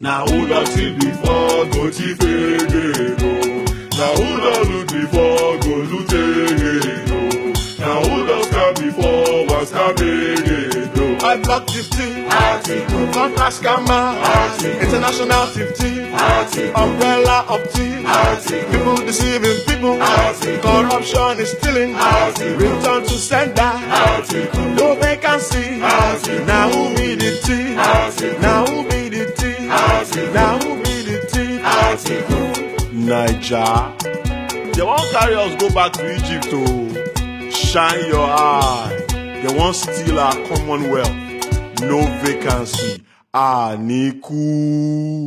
na who love you before go chifegego na who love you before go lutegego na who love scam before was scamegego. I block 15, Article, contract scammer, Article, international 15, Article, umbrella of tea, Article, people deceiving people, Article, corruption is stealing, Article, return to sender, Article, no vacancy, Article, now who me Now who be the thief? Niger. They won't carry us go back to Egypt to oh. shine your eye. They won't steal our commonwealth. No vacancy. Aniku. Ah,